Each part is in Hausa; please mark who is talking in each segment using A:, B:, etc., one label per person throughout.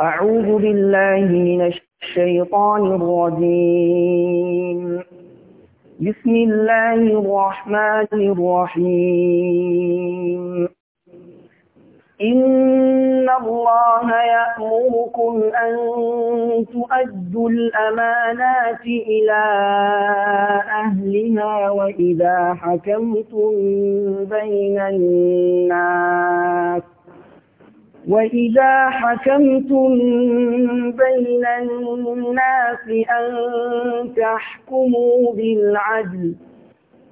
A: أعوذ بالله من الشيطان الرجيم بسم الله الرحمن الرحيم إن الله يأمركم أن تؤدوا الأمانات إلى أهلها وإذا حكمتم بين الناس وَإِذَا حَكَمْتُم بَيْنَ النَّاسِ أَن تَحْكُمُوا بِالْعَدْلِ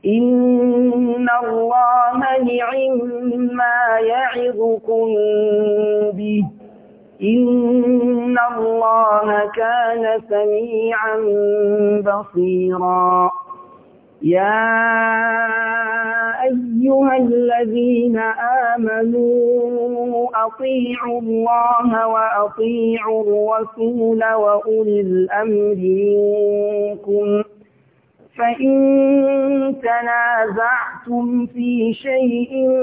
A: إِنَّ اللَّهَ نِعِمَّا يَعِظُكُم بِهِ إِنَّ اللَّهَ كَانَ سَمِيعًا بَصِيرًا يا أيها الذين آمنوا أطيعوا الله وأطيعوا الرسول وأولي الأمر منكم فإن تنازعتم في شيء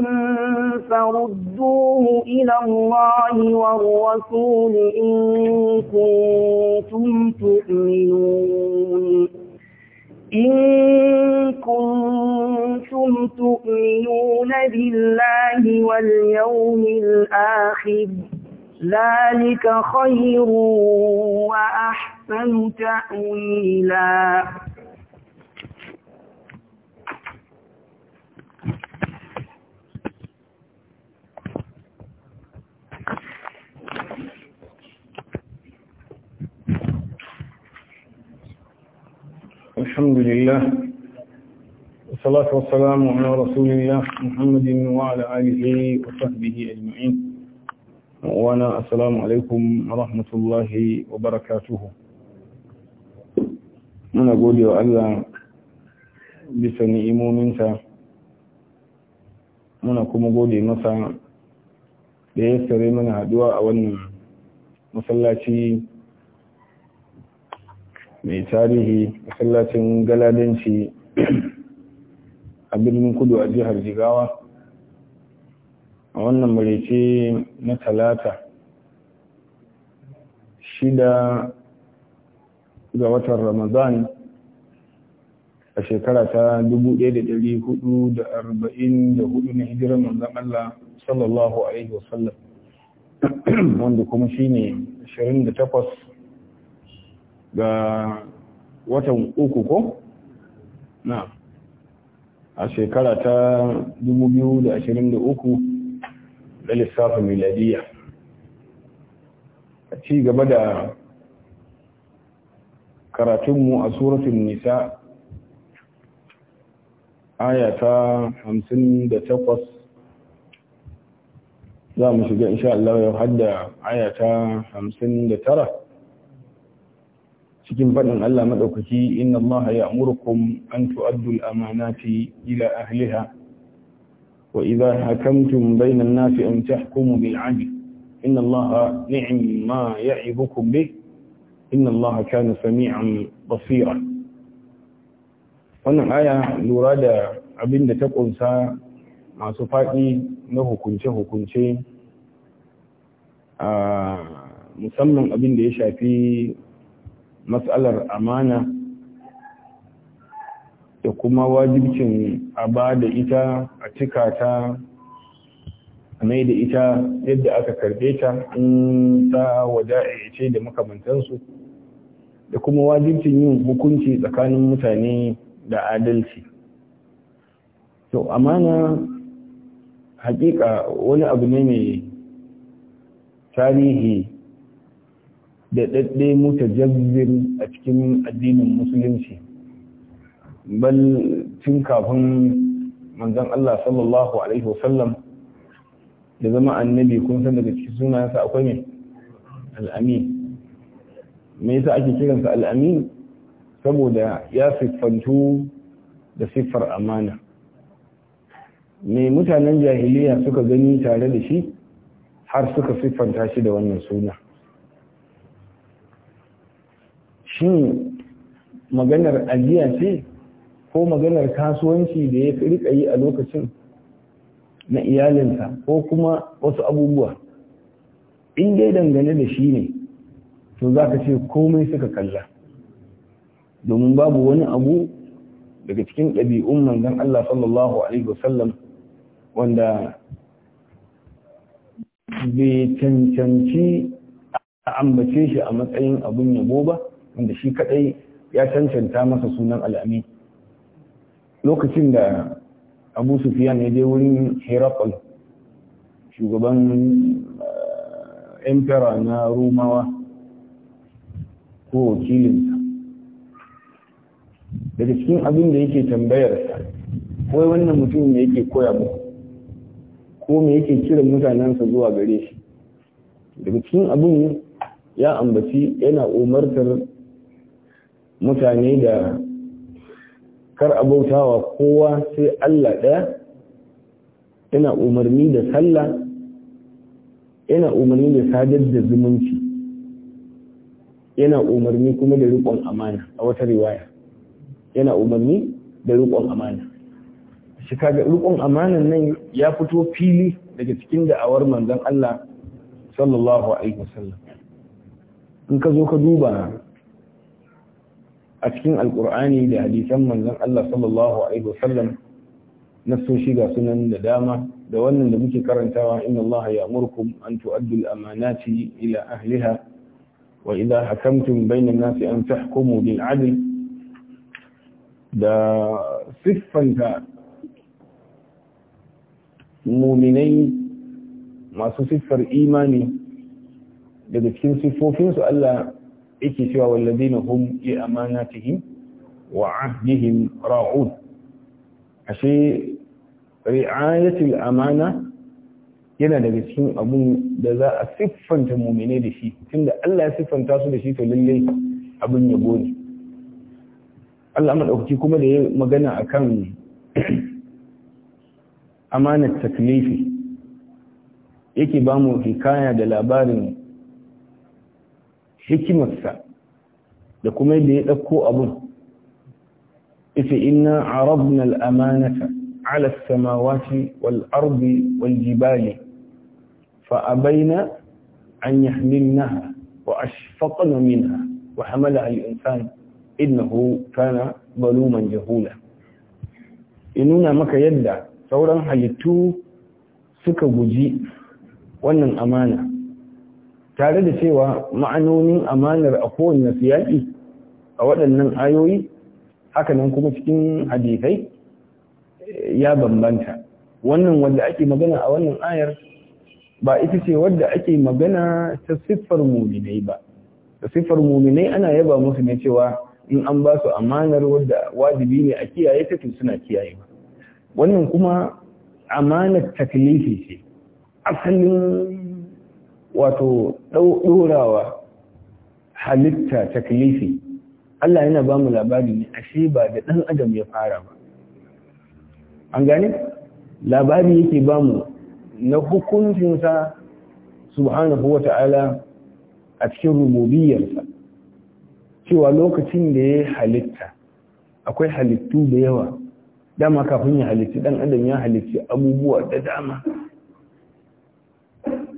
A: فردوه إلى الله والرسول إن كنتم تؤمنون إن كنتم تؤمنون بالله واليوم الآخر ذلك خير وأحسن تأويلا
B: الحمد لله والصلاة والسلام على رسول الله محمد وعلى آله وصحبه أجمعين وانا السلام عليكم ورحمة الله وبركاته أنا أقول يا الله بسني إمومنسا muna kuma gode masa da ya sare mana haduwa a wannan masallaci mai tarihi masallacin galadanci a birnin kudu a jihar jigawa a wannan marece na talata shida ga watan ramadan a shekara ta 1444 na hijirar manzan Allah sallallahu Alaihi wasallam wanda kuma shi ne 28 ga watan uku ko? na a shekara ta 2023 da lissafin miladiya a ci gaba da karatunmu a suratun nisa aya ta 58 za mu shiga insha Allah ya hadda aya ta 59 cikin faɗin Allah maɗaukaki inna Allah ya amurkum an tu'addu al-amanati ila ahliha wa idza hakamtum bayna an-nasi an tahkumu bil 'adl inna Allah ni'ma ya'ibukum bih inna Allah kana sami'an basira wannan aya lura da abin da ta kunsa masu faɗi na hukunce-hukunce a musamman abin da ya shafi matsalar amana da kuma wajibcin a ba da ita a cika ta a mai da ita yadda aka karbe ta in ta wada'a da makamantansu da kuma wajibcin yin hukunci tsakanin mutane da adalci to amana hakika wani abu ne mai tarihi da ɗaɗɗe mutajazzir a cikin addinin musulunci bal tun kafin manzon Allah sallallahu alaihi wasallam da zama annabi kun san daga cikin sunayensa akwai ne al'amin me yasa ake kiransa al'amin saboda ya siffantu da siffar amana me mutanen jahiliya suka gani tare da shi har suka siffanta shi da wannan suna shin maganar ajiya ce ko maganar kasuwanci da ya fi rika yi a lokacin na iyalinsa ko kuma wasu abubuwa in dai dangane da shi ne to za ka ce komai suka kalla domin babu wani abu daga cikin ɗabi'un manzan Allah sallallahu Alaihi wasallam wanda bai cancanci a ambace shi a matsayin abun yabo ba wanda shi kadai ya cancanta masa sunan al'amin lokacin da abu sufiyan ya je wurin herakul shugaban eh, emperor na rumawa ko wakilinsa daga cikin abin da yake tambayarsa kawai wannan mutum da yake koya ba ko me yake kiran mutanensa zuwa gare shi daga cikin abin ya ambaci yana umartar mutane da kar abautawa kowa sai Allah ɗaya ina umarni da sallah ina umarni da sadar da zumunci yana umarni kuma da riƙon amana a wata riwaya yana umarni da riƙon amana shi kaga riƙon amanan nan ya fito fili daga cikin da'awar manzon Allah sallallahu alaihi wasallam in ka zo ka duba a cikin alkur'ani da hadisan manzon Allah sallallahu alaihi wasallam nasoshi ga sunan da dama da wannan da muke karantawa inna Allah ya'murukum an tu'addu al-amanati ila ahliha wa idha hakamtum bayna an-nasi an tahkumu bil 'adl da siffanta muminai masu siffar imani daga cikin siffofinsu Allah yake cewa yi hum ta yi wa ahdihim ra'un ashe ri'ayatul amana yana daga cikin abun da za a siffanta mumine da shi tunda Allah ya siffanta su da shi to lalle abun yabo ne Allah dauki kuma da ya magana akan amanar taklifi yake ba mu hikaya da labarin hikimarsa da kuma yadda ya ɗauko abun ita inna arabna amanata ala samawati wal ardi wal jibali fa abaina an yahmilnaha wa ashfaqna minha wa hamala al insan innahu kana baluman jahula inuna maka yadda sauran halittu suka guji wannan amana tare da cewa ma'anonin amanar a kowane siyaƙi a waɗannan ayoyi hakanan kuma cikin hadisai ya bambanta wannan wanda ake magana a wannan ayar ba ita ce wadda ake magana ta siffar muminai ba Ta siffar muminai ana yaba musu ne cewa in an ba su amanar wadda wajibi ne a kiyaye ta tun suna kiyaye ba wannan kuma amanar taklifi ce asalin wato ɗaurawa halitta taklifi Allah yana ba mu labari ne ashe ba da ɗan adam ya fara ba an gane labari yake ba mu na hukuncinsa subhanahu wa ta'ala a cikin rububiyarsa cewa lokacin da ya halitta akwai halittu da yawa dama kafin ya halitti dan adam ya halitti abubuwa da dama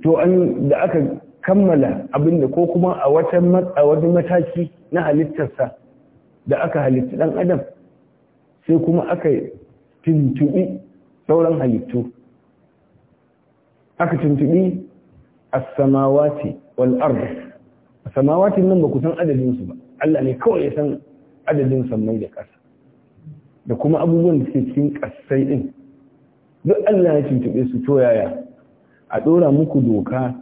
B: to an da aka kammala abinda ko kuma a wata mataki na halittarsa da aka halitta dan adam sai kuma aka tuntuɓi sauran halittu aka tuntuɓi a samawati wal'arba a samawati nan ba ku san su ba Allah ne kawai ya san adadin sammai da ƙasa da kuma abubuwan da suke cikin ƙasai din duk Allah ya tuntube su to yaya a ɗora muku doka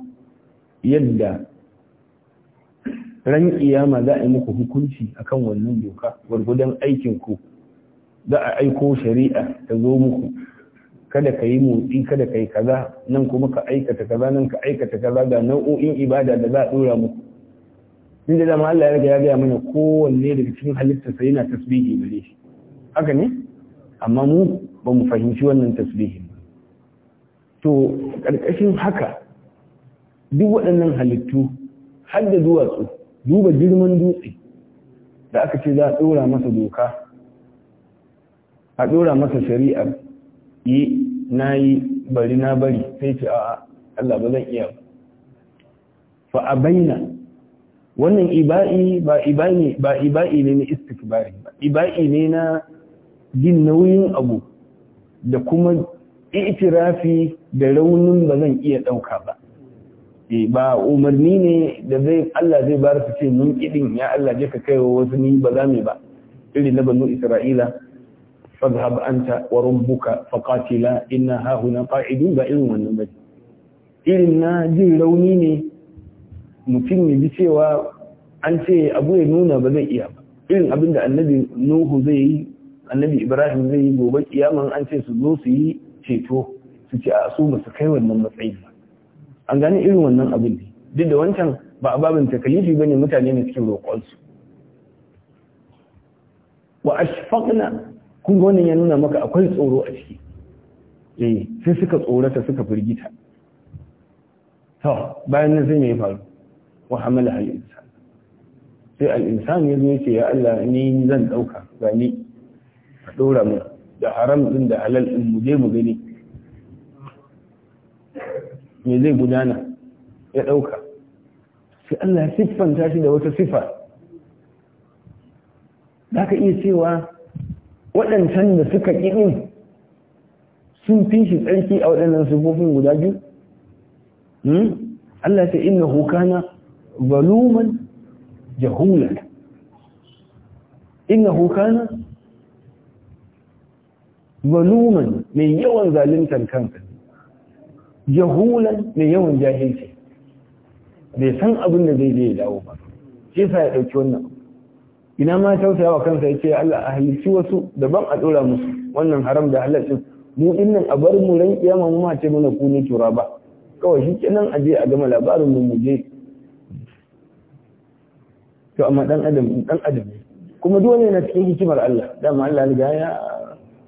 B: yadda ran iyama za a yi muku hukunci akan wannan doka gwargwadon aikinku za a aiko shari'a ta zo muku kada ka yi motsi kada ka yi kaza nan kuma ka aikata kaza nan ka aikata kaza ga nau'o'in ibada da za a ɗora muku inda da mu Allah ya riga ya gaya mana kowanne daga cikin halitta sai yana tasbihi gare shi haka ne amma mu ba mu fahimci wannan tasbihi to ƙarƙashin haka duk waɗannan halittu har da duwatsu duba girman dutse da aka ce za a ɗora masa doka a ɗora masa shari'ar yi na yi bari na bari sai ce a Allah ba zan iya fa a baina wannan iba'i ba iba'i ba iba'i ne na istikbari ba iba'i ne na jin nauyin abu da kuma itirafi da raunin ba zan iya ɗauka ba eh, ba umarni ne da zai Allah zai bar su ce mun kidin ya Allah je ka kaiwa wasu ni ba za mu ba Iri na banu Isra'ila fadhhab anta wa rabbuka faqatila inna ha huna qa'idun ba irin wannan ba irin na jin rauni ne mutum ya bi cewa an ce abu ya nuna ba zai iya ba irin abin da annabi Nuhu zai yi annabi Ibrahim zai yi gobe kiyaman an ce su zo su yi ceto su ce a su ba su kai wannan matsayi ba an gane irin wannan abin ne duk da wancan ba a babin takalifi ba ne mutane ne suke roƙonsu wa ashfaqna kun ga wannan ya nuna maka akwai tsoro a ciki eh sai suka tsorata suka firgita to bayan nan sai me ya faru wa hamala al insan sai al insan ya zo yace ya Allah ni zan dauka ga ni a dora mu da haram din da halal din mu je mu gani me zai gudana ya ɗauka sai Allah ya siffanta shi da wata siffa za ka iya cewa waɗancan da suka ƙiɗin sun fi shi tsarki a waɗannan siffofin guda biyu hmm? Allah sai inna hukana zaluman jahulan inna hukana zaluman mai yawan zaluntar kansa jahulan mai yawan jahilci bai san abin da zai je ya dawo ba shi sa ya ɗauki wannan ina ma tausaya wa kansa ya ce Allah a halici wasu daban a ɗora musu wannan haram da halalcin mu nan a bar mu ran kiyama mu mace mana ku ne tura ba kawai shi kenan nan a gama labarin mu muje to amma dan adam dan adam kuma dole na cikin hikimar Allah dama Allah ya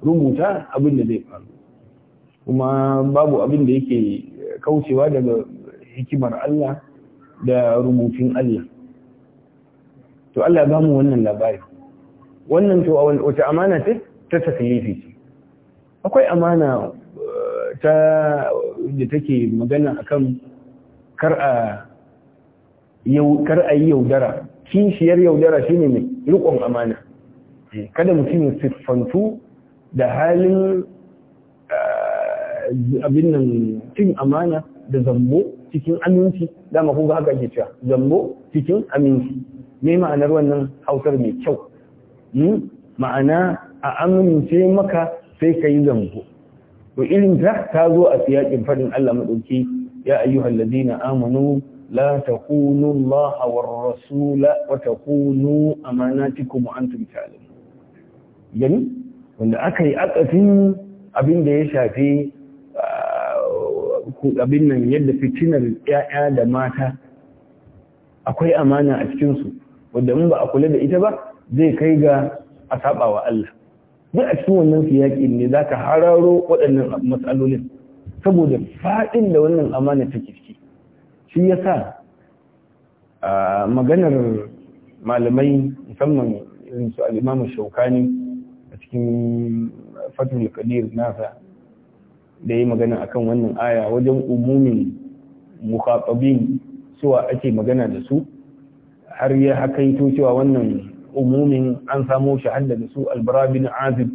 B: rubuta abin da zai faru kuma babu abin da yake kaucewa daga hikimar Allah da rubutun Allah to Allah ba mu wannan labari wannan to wata amana ce ta taklifi akwai amana eh, ta da take magana akan kar a yau kar a yi yaudara kishiyar yaudara shine mai riƙon amana eh, kada mutum ya siffantu da halin eh, abin nan cin amana da zambo cikin aminci dama kun ga haka ake cewa zambo cikin aminci me ma'anar wannan hausar mai kyau hmm? ma'ana a amince maka sai ka yi zambo to irin ta ta zo a siyakin faɗin Allah maɗauki ya ayyuhal ladina amanu la takunu Allah wa rasula wa takunu amanatikum wa antum ta'lamun yani wanda aka yi akasin abin da ya shafi abin nan yadda fitinar ‘ya'ya da mata akwai amana a cikinsu wadda mun ba a kula da ita ba zai kai ga a wa Allah duk a cikin wannan yaƙi ne zaka hararo waɗannan matsalolin saboda faɗin da wannan amana ta ciki shi ya sa maganar malamai musamman irinsu su al'imamu shaukani a cikin fatul kadir nasa da ya magana akan wannan aya wajen umumin mukhatabin cewa ake magana da su har ya hakaito cewa wannan umumin an samo shi hadda da su albara bin azib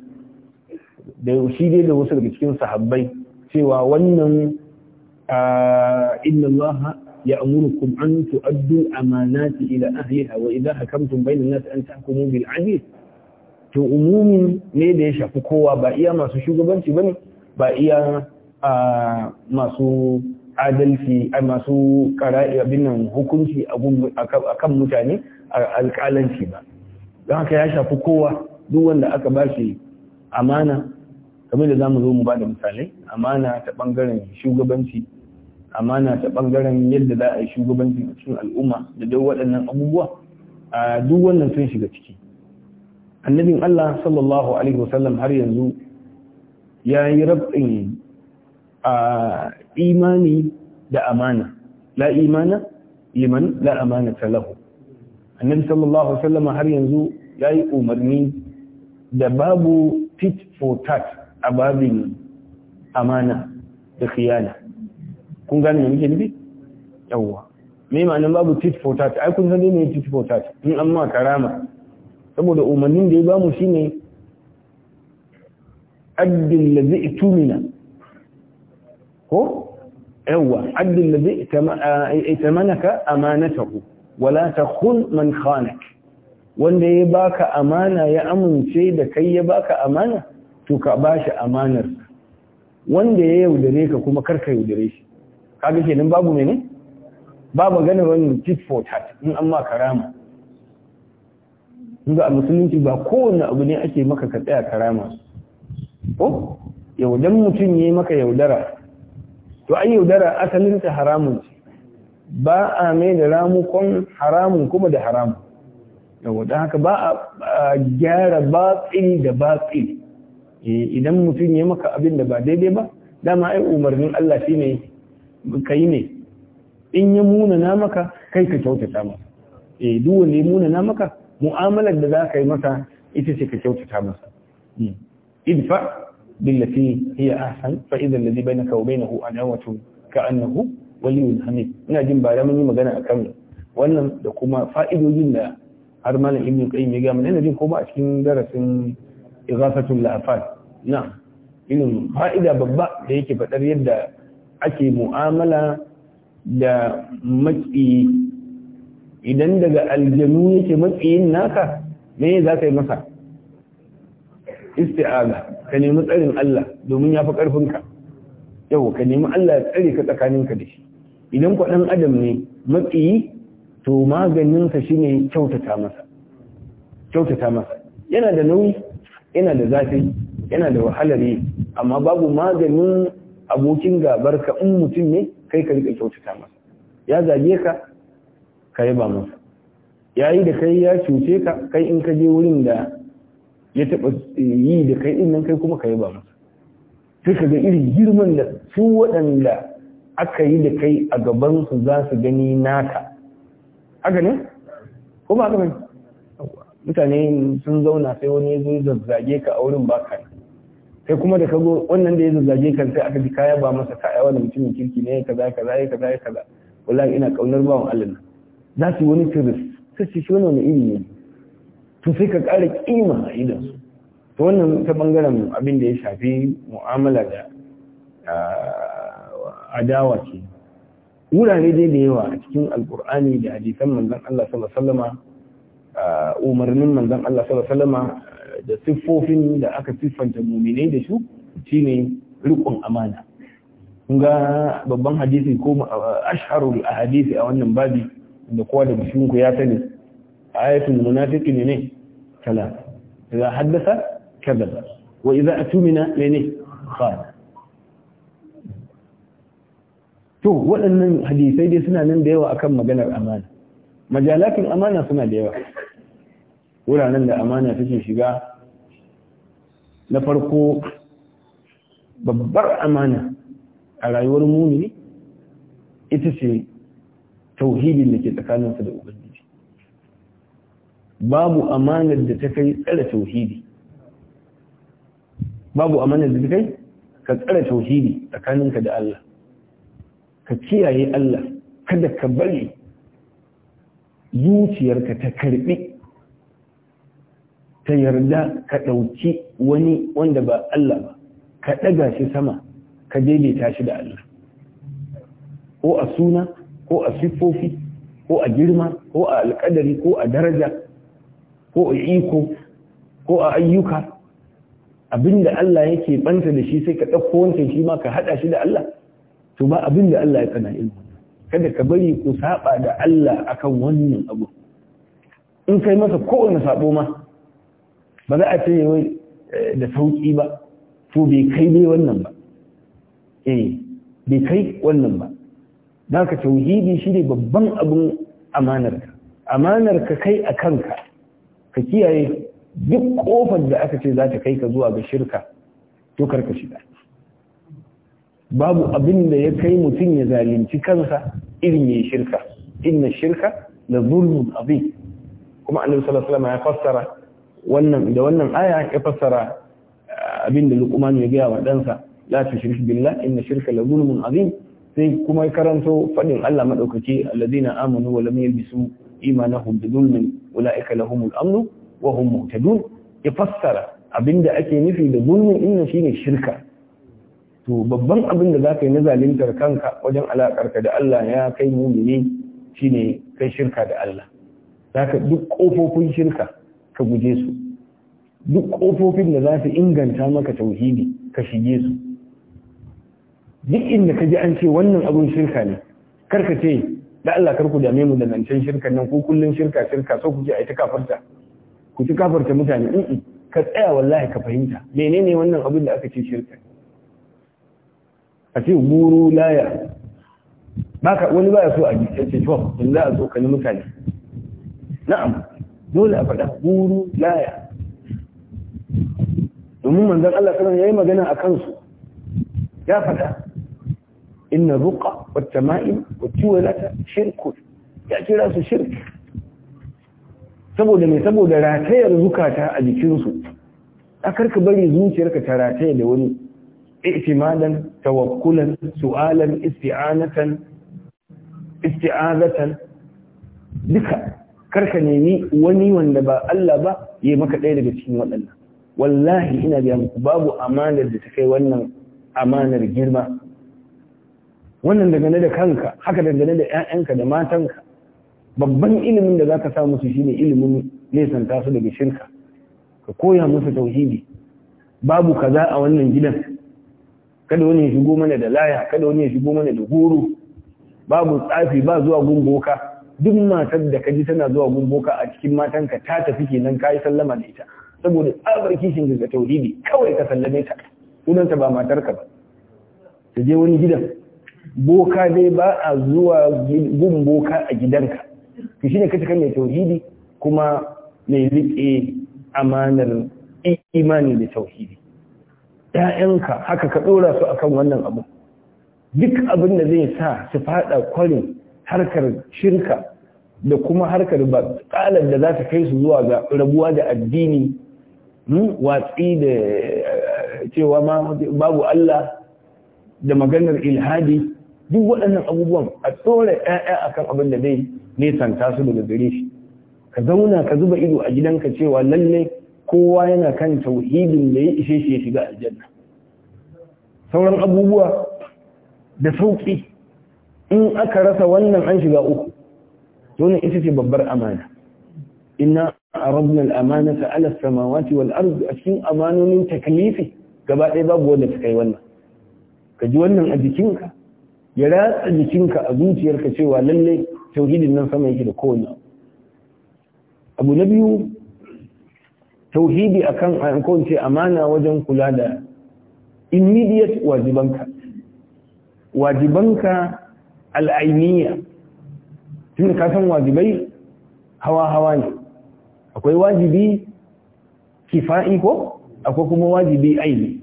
B: da shi dai da wasu daga cikin sahabbai cewa wannan inna allaha ya'murukum an tu'addu amanati ila ahliha wa idha hakamtum bayna an-nas an tahkumu bil 'adl to umumin ne da ya shafi kowa ba iya masu shugabanci bane ba iya masu adalci a masu ƙara'i abin nan hukunci a kan mutane a alƙalanci ba don haka ya shafi kowa duk wanda aka ba shi amana kamar da za mu zo mu ba da misalai amana ta ɓangaren shugabanci amana ta ɓangaren yadda za a yi shugabanci a cikin al'umma da dai waɗannan abubuwa a duk wannan sun shiga ciki annabin Allah sallallahu alaihi wasallam har yanzu ya yi rabin a imani da amana la imana liman la amana talahu annabi sallallahu alaihi wasallam har yanzu yayi umarni da babu tit for tat a babin amana da khiyana kun gane me nake nufi yawa me ma'anar babu tit for tat ai kun san me tit for tat in amma karama saboda umarnin da ya bamu shine abdin da zai tumina ko yawwa abdin da zai itamanaka ku wala ta kun man khanak wanda ya baka amana ya amince da kai ya baka amana to ka bashi amanar wanda ya yaudare ka kuma karka yaudare shi kaga kenan babu mene babu ganin wani tit for tat in an ma karama ba a musulunci ba kowane abu ne ake maka ka tsaya karama ko yaudan mutum yi maka yaudara to an yaudara asalinta haramun ce ba a mai da ramukon haramun kuma da haramun yau haka ba a gyara batsi da batsi, eh, idan mutum ya maka abin da ba daidai ba dama ai umarnin Allah shi ne kai ne in ya munana maka kai ka kyautata masa e duk wanda ya munana maka mu'amalar da za ka yi maka ita ce ka kyautata masa hmm. idfa billati hiya ahsan fa idha alladhi bainaka wa bainahu adawatu ka'annahu ina jin ba da mun yi magana akan wannan da kuma fa'idojin da har malam ibnu qayyim ya ga mana jin ko ba a cikin darasin ighafatul lafat na'am irin fa'ida babba da yake fadar yadda ake mu'amala da matsi idan daga aljanu yake matsayin naka me za ka yi masa isti'aza ka nemi tsarin Allah domin ya fi ƙarfinka yau ka nemi Allah ya tsare ka tsakaninka da shi idan ku ɗan adam ne matsi to ka shine kyautata masa kyautata masa yana da nauyi yana da zafi yana da wahalar yi amma babu maganin abokin gabar ka in mutum ne kai ka rika kyautata masa ya zage ka ka yaba masa yayi da kai ya cuce ka kai in ka je wurin da ya taɓa yi da kai in nan kai kuma ka yi ba masa sai ka ga irin girman da su waɗanda aka yi da kai a gabansu za su gani naka haka ne ko ba haka ne mutane sun zauna sai wani ya zo zazzage ka a wurin baka ne sai kuma da kago wannan da ya zazzage kan sai aka ji kaya ba masa kaya wanda mutumin kirki ne kaza kaza ya kaza ya kaza wallahi ina kaunar bawan Allah na za su wani tiris sai ce shi wani wani iri ne to sai ka ƙara ƙima a su. to wannan ta ɓangaren abin da ya shafi mu'amala da adawa ce wurare dai da yawa a cikin alkur'ani da hadisan manzan Allah sallallahu umarnin manzan Allah sallallahu da siffofin da aka siffanta muminai da su shine rikon amana ga babban hadisi ko ashharul hadisi a wannan babi da kowa da bishinku ya sani ayatul munafiqin ne kala idza haddasa kadaba wa idza atumina ne khana to waɗannan hadisai dai suna nan da yawa akan maganar amana majalatin amana suna da yawa wuraren da amana take shiga na farko babbar amana a rayuwar mumini ita ce tauhidin da ke tsakaninsa da ubangiji babu amanar da ta kai tsare tauhidi babu amanar da ta kai ka tsare tauhidi tsakaninka da Allah ka kiyaye Allah kada ka bari zuciyarka ta karbi ta yarda ka ɗauki wani wanda ba Allah ba ka ɗaga shi sama ka daidaita shi da Allah ko a suna ko a siffofi ko a girma ko a alƙadari ko a daraja ko a iko ko a ayyuka abinda Allah yake banta da shi sai ka ɗauko wancan shi ma ka haɗa shi da Allah to ba abinda Allah ya tsana ilmu kada ka bari ku saba da Allah akan wannan abu in kai masa kowane sabo ma ba za a ce yawai eh, da sauƙi ba to bai kai dai wannan ba eh bai kai wannan ba don ka tauhidi shi ne babban abin amanarka amanarka kai a kanka ka kiyaye duk kofar da aka ce za ta kai ka zuwa ga shirka to karka shiga babu abin da ya kai mutum ya zalunci kansa irin ya shirka inna shirka la zulmun abin kuma annabi sallallahu alaihi ya fassara wannan da wannan aya ya fassara eh, abin da luqman ya gaya wa dansa la tushrik billah inna shirka la zulmun azim sai kuma karanto fadin Allah madaukaki alladina amanu wa lam yalbisu imanahum bi zulmin ulaika lahumul amnu wa hum muhtadun ya fassara abinda ake nufi da zulmin din shine shirka to babban abin da zaka yi na zalintar kanka wajen alakarka da Allah ya kai mumini shine kai shirka da Allah zaka duk kofofin shirka ka guje su duk kofofin da za inganta maka tauhidi ka shige su duk inda ka ji an ce wannan abin shirka ne karka ce da Allah kar ku dame mu da zancen shirka nan ko kullun shirka shirka so kuke ai ta kafarta ku ci kafarta mutane in ka tsaya wallahi ka fahimta menene wannan abin da aka ce shirka a ce guru laya baka wani baya so a ji sai ce to in za a zo kani mutane na'am dole a faɗa guru laya domin manzon Allah sallallahu alaihi wasallam yayi magana akan su ya faɗa inna ruqa wat tama'im wat tiwalata ya kira su shirki saboda mai saboda ratayar zukata a jikinsu a karka bari zuciyarka ta rataya da wani i'timadan tawakkulan su'alan isti'anatan isti'azatan duka karka nemi wani wanda ba Allah ba yayi maka ɗaya daga cikin waɗannan wallahi ina ga muku babu amanar da ta kai wannan amanar girma wannan dangane da kanka haka dangane da 'ya'yanka da matanka babban ilimin da zaka sa musu shine ilimin nesanta su daga shirka ka koya musu tauhidi babu kaza a wannan gidan kada wani ya shigo mana da laya kada wani ya shigo mana da goro babu tsafi ba zuwa gumboka duk matar da kaji tana zuwa gumboka a cikin matanka ta tafi kenan kayi sallama da ita saboda tsabar kishin da tauhidi kawai ka sallame ta sunanta ba matarka ba ta je wani gidan boka dai ba a zuwa gun boka a gidanka ki shine kace kan mai tauhidi kuma mai rike amanar imani da tauhidi ‘ya'yanka haka ka ɗora su akan wannan abu duk abin da zai sa su fada kwarin harkar shirka da kuma harkar ba ƙalar da za ta kai su zuwa ga rabuwa da addini hmm, watsi da eh, cewa babu Allah da maganar ilhadi duk waɗannan abubuwan a tsore ƴaƴa akan abin da zai nesanta su daga gare shi ka zauna ka zuba ido a gidanka cewa lalle kowa yana kan tauhidin da ya ishe shi ya shiga aljanna sauran abubuwa da sauƙi in aka rasa wannan an shiga uku wannan ita ce babbar amana inna arabna al-amanata ala as-samawati wal a cikin amanonin taklifi gaba ɗaya babu wanda ta kai wannan ka ji wannan a jikinka ya ratsa jikinka a zuciyarka cewa lallai tauhidin nan sama yake da kowane abu na biyu tauhidi akan ankon ce amana wajen kula da immediate wajibanka wajibanka al'ainiya tun ka san wajibai hawa-hawa ne akwai wajibi kifa'i ko akwai kuma wajibi aini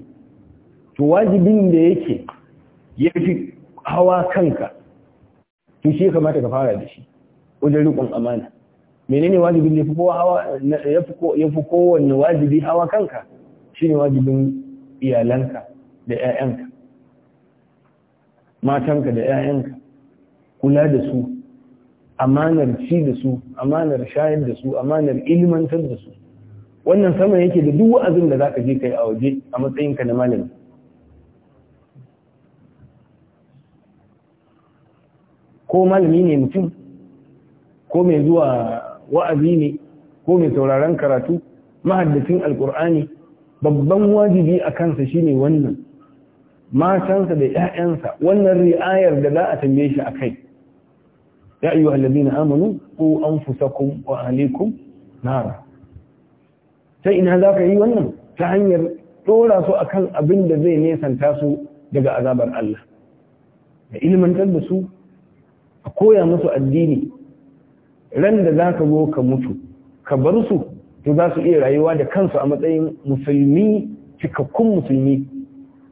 B: to wajibin da yake ya fi hawa kanka to shi ya kamata ka fara da shi wajen rikon amana menene wajibin da ya fi kowanne wajibi hawa kanka shi ne wajibin iyalanka da 'ya'yanka matanka da 'ya'yanka kula da su amanar ci da su amanar shayar da su amanar ilmantar da su wannan sama yake da duk wa'azin da za ka je kai a waje a matsayinka na malami ko malami ne mutum ko mai zuwa wa'azi ne ko mai sauraron karatu mahaddacin alkur'ani babban wajibi a kansa shine wannan matansa da 'ya'yansa wannan ri'ayar da za a tambaye shi a kai ya wa ladina amanu fusa anfusakum wa alaikum nara sai ina za ka yi wannan ta hanyar ɗora su a kan abin da zai nesanta su daga azabar Allah da ilmantar da su koya musu addini ran da za ka zo ka mutu ka bar su to za su iya rayuwa da kansu a matsayin musulmi cikakkun musulmi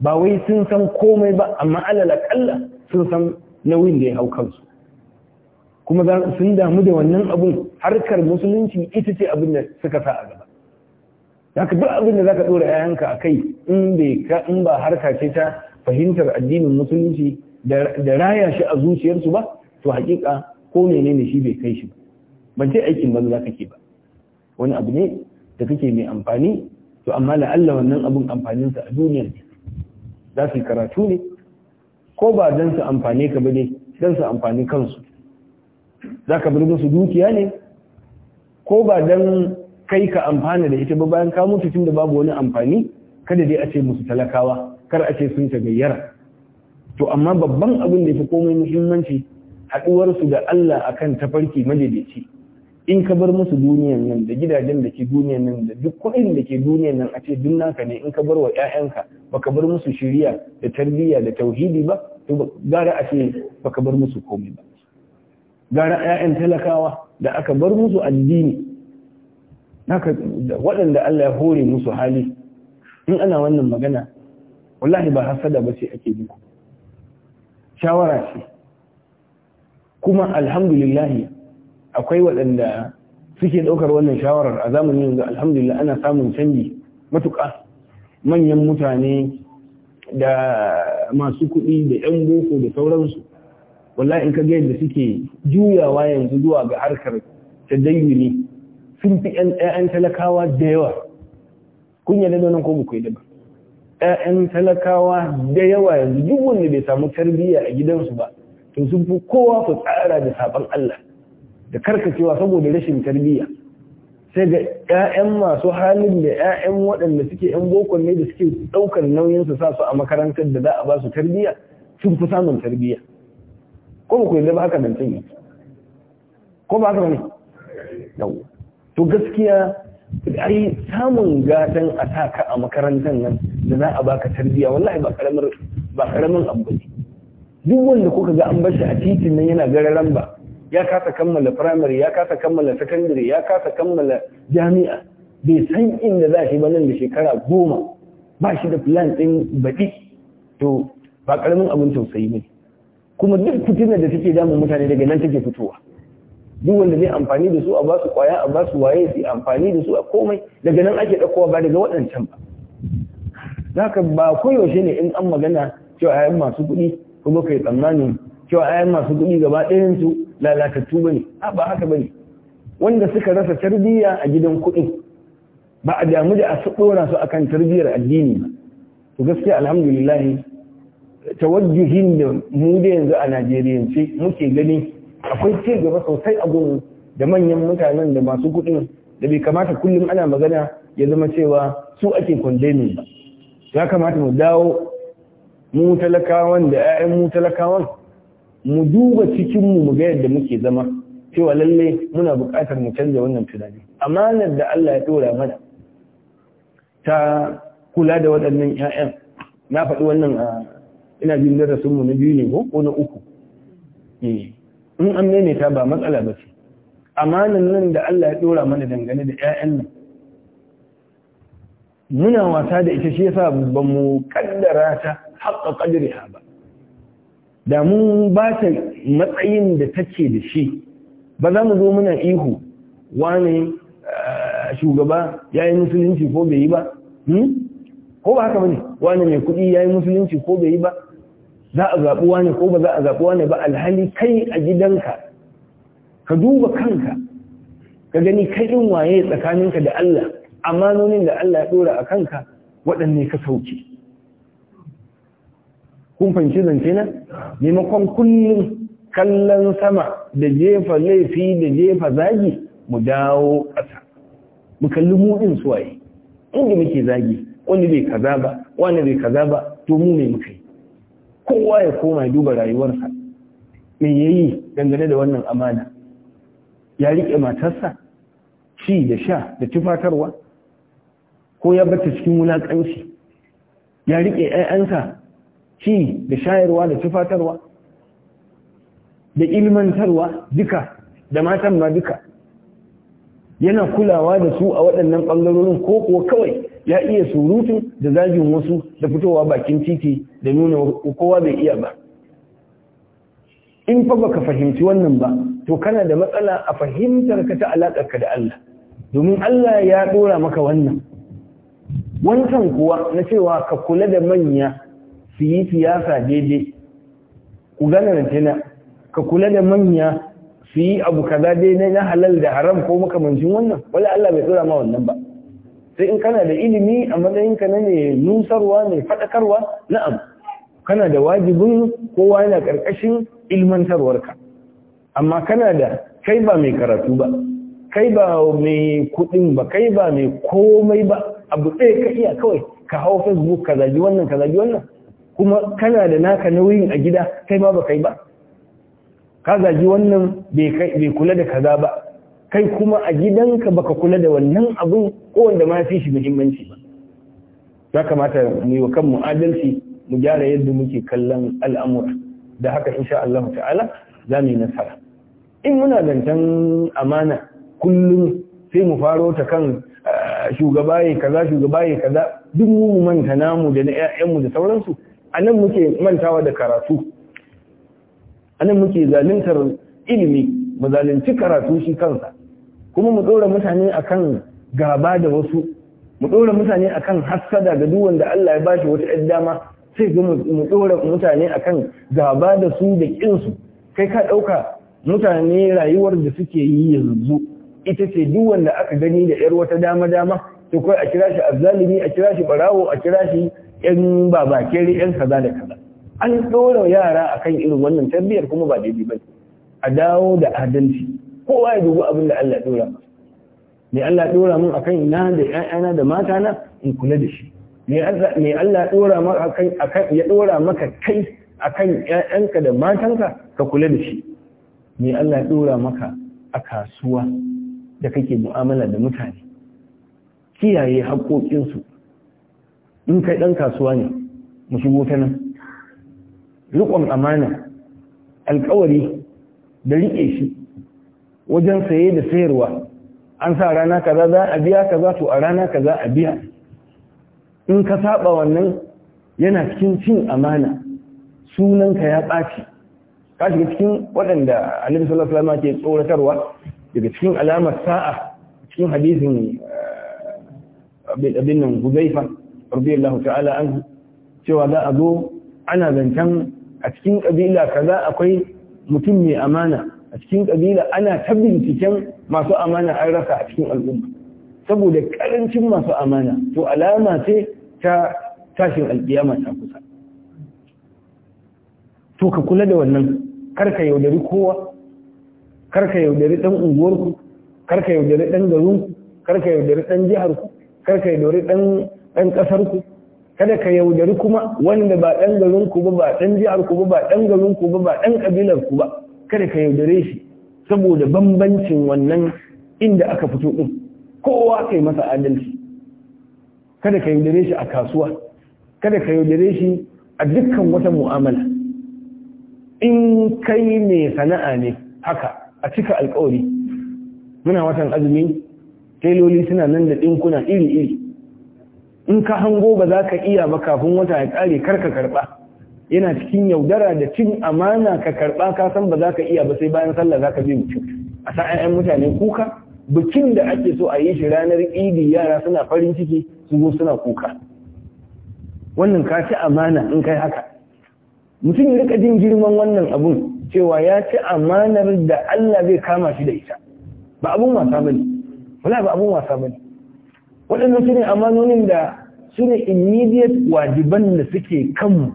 B: ba wai sun san komai ba amma alal akalla sun san nauyin da ya hau kansu kuma za su damu da wannan abun harkar musulunci ita ce abin da suka sa a gaba ka duk abin da za ka dora yayanka a kai in bai ka in ba harka ce ta fahimtar addinin musulunci da raya shi a zuciyarsu ba to hakika ko menene shi bai kai shi ba ban ce aikin banza kake ba wani abu ne da kake mai amfani to amma Allah, wannan abun amfaninsa a duniyar ne za su karatu ne ko ba don su amfane ka ba ne don su amfani kansu za ka bar musu dukiya ne ko ba don kai ka amfana da ita ba bayan ka mutu tun da babu wani amfani kada dai a ce musu talakawa kar a ce sun ta gayyara to amma babban abin da ya fi komai muhimmanci haɗuwarsu da Allah akan tafarki madaidaici in ka bar musu duniyan nan da gidajen da ke duniyan nan da duk kuɗin da ke duniyan nan a ce duk naka ne in ka bar wa ƴaƴanka baka bar musu shiriya da tarbiyya da tauhidi ba to gara a ce baka bar musu komai ba gara ƴaƴan talakawa da aka bar musu addini naka waɗanda Allah ya hore musu hali in ana wannan magana wallahi ba hasada ba ce ake muku shawara ce kuma alhamdulillahi akwai waɗanda suke ɗaukar wannan shawarar a zamanin yanzu alhamdulillah ana samun canji matuƙa manyan mutane da masu kuɗi da 'yan boko da sauransu wallahi in ka ga yadda suke juyawa yanzu zuwa ga harkar ta tadayyuni sun fi 'ya'yan talakawa da yawa kun yi da wannan ko ba ku ba ‘ya'yan talakawa da yawa yanzu duk wanda bai samu tarbiyya a gidansu ba to sun fi kowa ku tsara da sabon Allah da karkacewa saboda rashin tarbiyya sai ga ƴaƴan masu halin da ƴaƴan waɗanda suke ƴan bokon ne da suke ɗaukar nauyin su sa su a makarantar da za a ba su tarbiyya sun fi samun tarbiyya ko ba ku yarda ba haka nan tun ko ba haka ne yawa to gaskiya ai samun gatan a sa ka a makarantar nan da za a baka tarbiyya wallahi ba karamin ba karamin abu ne duk wanda kuka ga an bar shi a titin nan yana gararan lamba, ya kasa kammala firamare ya kasa kammala sakandare ya kasa kammala jami'a bai san inda za shi ba nan da shekara goma ba shi da plan ɗin baɗi to ba ƙaramin abin tausayi ne kuma duk fitina da take damun mutane daga nan take fitowa duk wanda zai amfani da su a basu kwaya a basu waye su amfani da su a komai daga nan ake ɗaukowa ba daga waɗancan ba zaka ba koyaushe ne in an magana cewa ayan masu kuɗi kuma kai tsammanin cewa ayan masu kuɗi gaba ɗayan su lalatattu bane a ba haka ba ne. wanda suka rasa tarbiyya a gidan kuɗi ba a damu da a ɗora su akan tarbiyyar addini ba to gaskiya alhamdulillah tawajjuhin da mu da yanzu a Najeriya ce muke gani akwai ci gaba sosai a gurin da manyan mutanen da masu kuɗin da bai kamata kullum ana magana ya zama cewa su ake condemning ba ya kamata mu dawo mu talakawan da 'ya'yan mu talakawan mu duba cikinmu mu ga yadda muke zama cewa lalle muna buƙatar mu canza wannan tunani amanar da Allah ya ɗora mana ta kula da waɗannan 'ya'yan na faɗi wannan a ina jin darasin mu na biyu ne ko na uku eh, in an ta ba matsala ba ce amanan nan da Allah ya ɗora mana dangane da 'ya'yan nan muna wasa da ita shi yasa ba mu kaddara ta haƙa ƙadiriha ba da mu ba ta matsayin da take da shi ba za mu zo muna ihu wani eh, shugaba ya yi musulunci ko bai yi ba hmm? ko ba haka bane wani mai kuɗi ya yi musulunci ko bai yi ba za a zaɓi wani ko ba za a zaɓi wani ba alhali kai a gidanka ka duba kanka ka gani kai in waye tsakaninka da Allah amanonin da Allah ya dora a kanka waɗanne ka sauke kun fanci zance na maimakon kullum kallon sama da jefa laifi da jefa zagi mu dawo ƙasa mu kalli mu in suwaye inda muke zagi wani bai kaza ba wani bai kaza ba to mu mai muka yi kowa ya koma ya duba rayuwarsa me yi dangane da wannan amana ya riƙe matarsa ci da sha da tufatarwa ko ya bata cikin wulaƙanci ya riƙe ‘ya'yansa ci da shayarwa da tufatarwa da ilmantarwa duka da matan ma duka yana kulawa da su a waɗannan ɓangarorin ko kuwa kawai ya iya surutu da zagin wasu da fitowa bakin titi da nuna kowa bai iya ba in fa baka fahimci wannan ba to kana da matsala a fahimtar ka ta alaƙarka da Allah domin Allah ya ɗora maka wannan wancan kuwa na cewa ka kula da manya su yi siyasa daidai ku gane tina, ka kula da manya su yi abu kaza daidai na halal da haram ko makamancin wannan wala Allah bai tsura ma wannan ba sai in kana da ilimi a matsayinka na ne nusarwa ne faɗakarwa na'am kana da wajibin kowa yana ƙarƙashin ilmantarwarka amma kana da kai ba mai karatu ba kai ba mai kuɗin ba kai ba mai komai ba abu ɗaya ka iya kawai ka hau facebook ka zagi wannan ka zagi wannan kuma kana da naka nauyin a gida kai ma ba kai ba ka zagi wannan bai kula da kaza ba kai kuma a gidanka baka kula da wannan abin ko wanda ma fi shi muhimmanci ba ya kamata mu yi wa kanmu adalci mu gyara yadda muke kallon al'amura da haka insha Allah ta'ala za mu yi nasara in muna zancen amana kullum sai mu faro ta kan shugaba ya kaza shugaba ya kaza duk mu manta namu da na ƴaƴanmu da sauransu anan muke mantawa da karatu anan muke zaluntar ilimi mu zalunci karatu shi kansa kuma mu dora mutane akan gaba da wasu mu dora mutane akan hassada ga duk wanda Allah ya bashi wata ƴan dama sai ga mu dora mutane akan gaba da su da ƙinsu? kai ka ɗauka mutane rayuwar da suke yi yanzu ita ce duk wanda aka gani da yar wata dama dama to kai a kira shi azzalimi a kira shi barawo a kira shi yan babakere, kere yan kaza da kaza an dora yara akan irin wannan tarbiyyar kuma ba daidai ba a dawo da adalci kowa ya dubu abin da Allah ya dora me Allah ya dora mun akan ina da ƴaƴana da na in kula da shi me Allah ya dora maka akan akan ya dora maka kai akan ƴaƴanka da matanka ka kula da shi me Allah ya dora maka a kasuwa da kake mu'amala da mutane kiyaye haƙoƙinsu in kai ɗan kasuwa ne mu shigo ta nan riƙon amana alƙawari da riƙe shi wajen saye da sayarwa an sa rana kaza za a biya kaza to a rana kaza a biya in ka saba wannan yana cikin cin amana sunanka ya ɓaci ka shiga cikin waɗanda alaihi sallallahu alaihi wasallam ke tsoratarwa daga cikin alamar sa'a cikin hadisin eh, abin nan huzaifa radiyallahu ta'ala anhu cewa za a zo ana zancen a cikin ka kaza akwai mutum mai amana a cikin ƙabila. ana ta binciken masu amana an rasa a cikin al'umma saboda ƙarancin masu amana to alama ce ta tashin alkiyama ta kusa to ka kula da wannan karka yaudari kowa karka yaudari dan unguwarku karka yaudari dan garinku karka yaudari dan jiharku karka yaudari dan kasarku. kada ka yaudari kuma wanda ba dan garinku ba ba dan jiharku ba ba dan garinku ba ba dan ƙabilarku ba kada ka yaudare shi saboda bambancin wannan inda aka fito ɗin kowa kai masa adalci kada ka yaudare shi a kasuwa kada ka yaudare shi a dukkan wata mu'amala in kai ne sana'a ne haka a cika alkawari muna watan azumi teloli suna nan da ɗinkuna iri-iri in ka hango ba za ka iya ba kafin wata ya ƙare karka karɓa yana cikin yaudara da cin amana ka karɓa ka san ba za ka iya ba sai bayan sallah za ka bi mutum a sa'an 'ya'yan mutane kuka bikin da ake so a yi shi ranar idi yara suna farin ciki su zo suna kuka wannan ka ci amana in kai haka mutum ya rika jin girman wannan abun cewa ya ci amanar da Allah zai kama shi da ita ba abun wasa ba ne wala ba abun wasa ba ne waɗannan su ne amanonin da su ne immediate wajiban da suke kanmu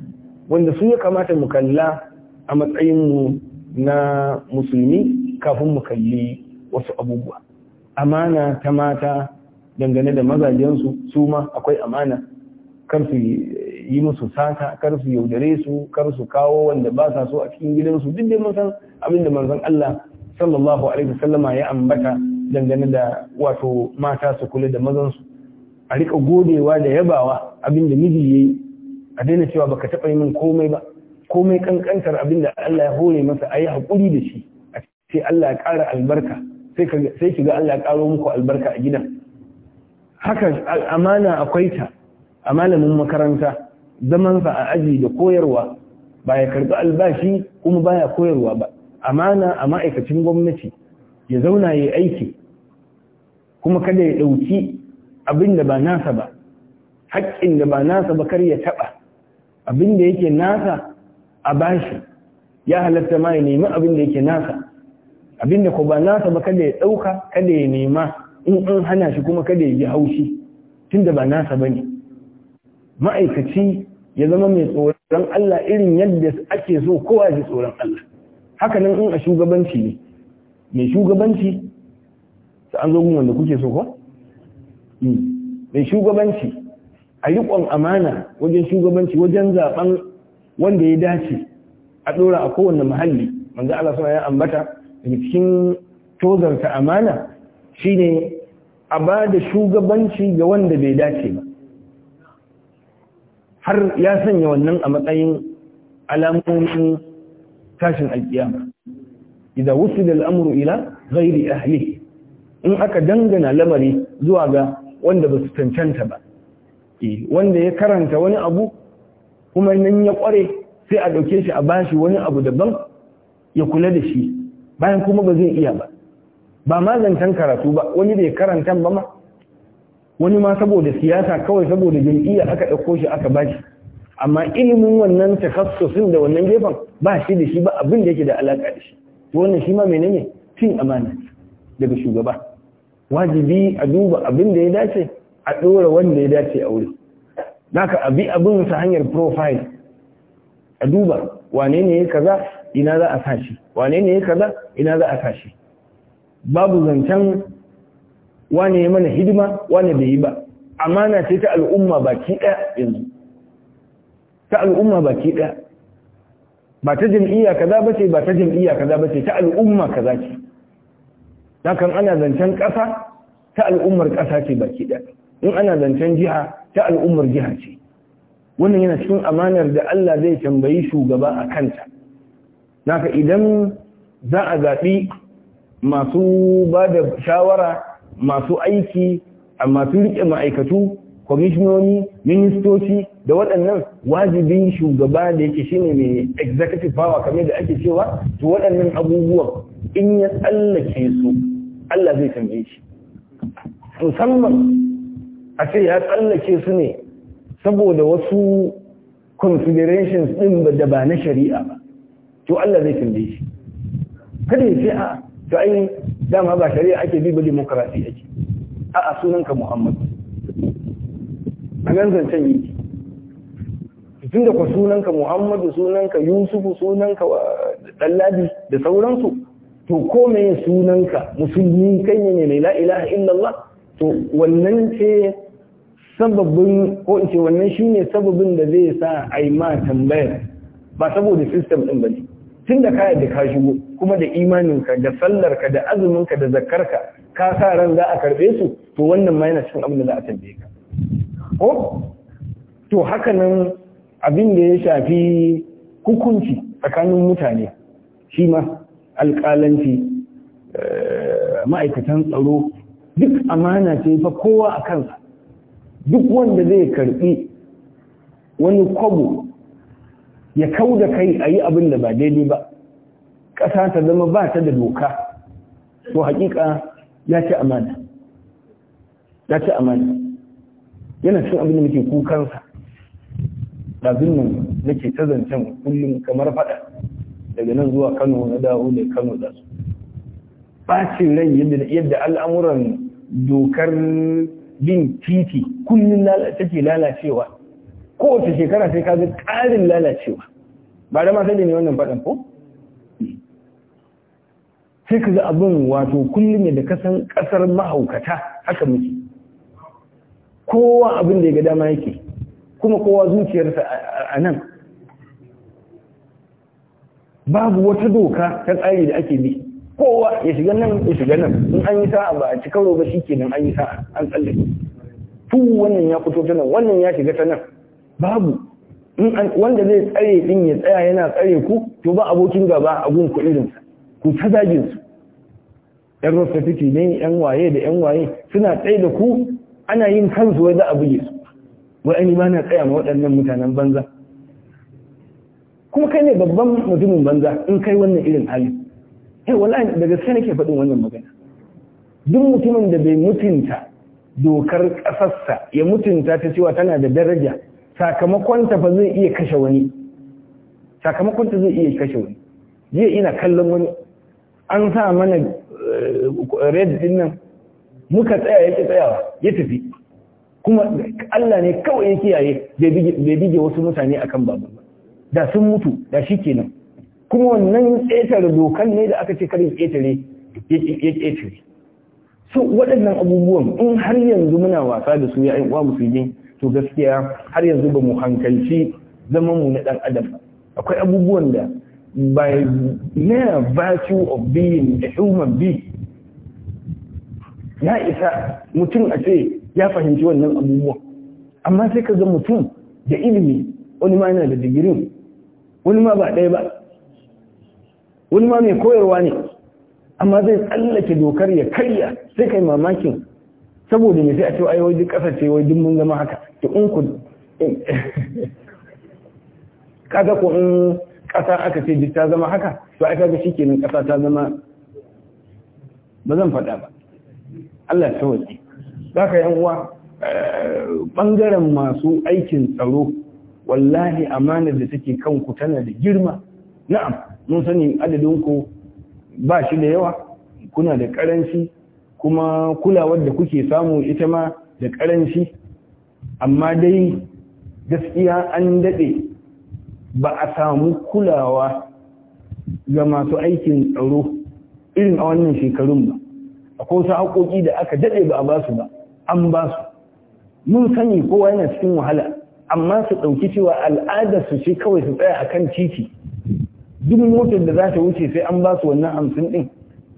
B: wanda su ya kamata mu kalla a matsayinmu na musulmi kafin mu kalli wasu abubuwa amana ta mata dangane da mazajensu su ma akwai amana su yi musu sata kar su yaudare su kar su kawo wanda ba sa so a cikin gidansu duk da mun san abin da manzon Allah sallallahu alaihi wasallama ya ambata dangane da wato mata su kula da mazan su a rika godewa da yabawa abin da miji yayi a daina cewa baka taba yi min komai ba komai kankantar abin da Allah ya hore masa ayi hakuri da shi a ce Allah ya ƙara albarka sai ka sai kiga Allah ya ƙaro muku albarka a gidan haka amana akwai ta a malamin makaranta zamansa a aji da koyarwa ba ya karɓi albashi kuma ba ya koyarwa ba amana a ma'aikacin gwamnati ya zauna ya aiki kuma kada ya ɗauki abin da ba nasa ba haƙƙin da ba nasa ba kar ya taɓa abin da yake nasa a bashi ya halatta ma ya nemi abin da yake nasa abin da ko ba nasa ba kada ya ɗauka kada ya nema in an hana shi kuma kada ya yi haushi tun da ba nasa ba ne ma'aikaci ya zama mai tsoron Allah irin yadda ake so kowa ji tsoron Allah haka nan in a shugabanci ne mai shugabanci ta an zo mun wanda kuke so ko hmm. mai shugabanci a riƙon amana wajen shugabanci wajen zaben wanda ya dace a ɗora a kowane muhalli manzo Allah suna ya ambata daga cikin tozarta amana shine a ba da shugabanci ga wanda bai dace ba har ya sanya wannan a matsayin alamomin tashin alkiyama idza wusila al-amru ila ghairi ahlihi in aka dangana lamari zuwa ga wanda ba su tantanta ba e, wanda ya karanta wani abu kuma nan ya kware sai a dauke shi a bashi wani abu daban ya kula da shi bayan kuma ba zai iya ba ba ma karatu ba wani bai karanta ba ma wani ma saboda siyasa kawai saboda jam'iyya aka ɗauko shi aka ba shi amma ilimin wannan takassusin da wannan gefen ba shi da shi ba abin da yake da alaƙa da shi wannan shi ma menene cin amana daga shugaba wajibi a duba abin da ya dace a ɗora wanda ya dace a wuri naka abi abin sa hanyar profile a duba wane ne kaza ina za a sashi wane ne kaza ina za a sashi babu zancen wane ya mana hidima wane bai yi ba amana ce ta al'umma baki ɗaya yanzu ta al'umma baki ɗaya ba ta jam'iyya kaza ba ce ba ta jam'iyya kaza ba ce ta al'umma kaza ce kan ana zancen ƙasa ta al'ummar ƙasa ce baki ɗaya in ana zancen jiha ta al'ummar jiha ce wannan yana cikin amanar da Allah zai tambayi shugaba a kanta naka idan za a zaɓi masu ba da shawara masu aiki a masu riƙe ma'aikatu kwamishinoni ministoci da waɗannan wajibin shugaba da yake shine mai executive power kamar da ake cewa to waɗannan abubuwan in ya tsallake su Allah zai tambaye shi musamman a ce ya tsallake su ne saboda wasu considerations ɗin da ba na shari'a ba to Allah zai tambaye shi kada ya ce a to ai dama ba shari'a ake bi ba demokarasi ake a'a sunanka Muhammad a nan zancen yi tun da ku sunanka Muhammadu sunanka Yusufu sunanka dalladi da sauransu to ko me sunanka musulmi kai ne ne la ilaha illallah to wannan ce sababin ko in ce wannan shine sababin da zai sa ai ma tambayar ba saboda system din bane tun da kayan da ka shigo kuma da imaninka da sallarka da azuminka da zakarka ka sa ran za a karbe su to wannan ma yana cikin abin da za a tambaye ka ko to haka nan abin da ya shafi hukunci tsakanin mutane shi ma alƙalanci eh, ma'aikatan tsaro duk amana ce fa kowa a kansa duk wanda zai karbi wani kwabo ya kau da kai a yi abin da ba daidai ba ƙasa ta zama ba ta da doka to haƙiƙa ya ci amana ya ci amana yana cin abin da muke kukansa ɗazin nan nake ta zancen kullum kamar faɗa daga nan zuwa kano na dawo da kano da su ɓacin rai yadda al'amuran dokar bin titi kullum take lalacewa kowace shekara sai ka ga ƙarin lalacewa ba da masu ne wannan faɗin ko? sai ka ga abin wato kullum da kasan ƙasar mahaukata haka muke kowa abin da ya ga dama yake kuma kowa zuciyarsa a nan babu wata doka ta tsari da ake bi kowa ya shiga nan ya shiga nan in an yi sa'a ba a ci karo ba shi kenan an yi sa'a an tsallake tun wannan ya fito ta nan wannan ya shiga ta nan babu wanda zai tsare din ya tsaya yana tsare ku to ba abokin gaba a gun ku irinsa ku ta zagin su yan rufe fiti ne yan waye da yan waye suna tsaye da ku ana yin kansu wai za a buge su wa'ani ma na tsaya ma waɗannan mutanen banza kuma kai ne babban mutumin banza in kai wannan irin hali kai eh, wallahi da gaske nake faɗin wannan magana duk mutumin da bai mutunta dokar ƙasarsa ya mutunta ta cewa tana da daraja sakamakon ta fa zai iya kashe wani sakamakon zai iya kashe wani jiya ina kallon wani an sa mana eh, red din nan muka tsaya yake tsayawa ya tafi kuma Allah ne kawai ya kiyaye bai bige wasu mutane akan babu da sun mutu da shi kenan kuma wannan ƙetare dokan ne da aka ce karin ƙetare ya ƙetare so waɗannan abubuwan in har yanzu muna wasa da su ya'yan uwa musulmi to gaskiya har yanzu ba mu hankalci zaman mu na dan adam akwai abubuwan da by mere virtue of being a human being ya isa mutum a ce ya fahimci wannan abubuwan amma sai ka ga mutum da ilimi wani ma yana da digiri. wani ma ba ɗaya ba wani ma mai koyarwa ne amma zai tsallake dokar ya karya sai kai mamakin saboda me sai a ce ai duk ƙasa ce wajen mun zama haka to in ku kaga ko in ƙasa aka ce duk ta zama haka to ai kaga kenan ƙasa ta zama ba zan faɗa ba Allah ya Za ka yan uwa bangaren eh, masu aikin tsaro wallahi amanar da take kanku tana da girma na'am mun sani adadin ku ba shi da yawa kuna da karanci kuma kulawar da kuke samu ita ma da karanci amma dai gaskiya an daɗe ba a samu kulawa ga masu aikin tsaro irin a wannan shekarun ba A wasu haƙoƙi da aka daɗe ba a ba su ba an ba su mun sani kowa yana cikin wahala amma su ɗauki cewa al'adarsu su ce kawai su tsaya akan titi duk motar da za ta wuce sai an ba su wannan hamsin ɗin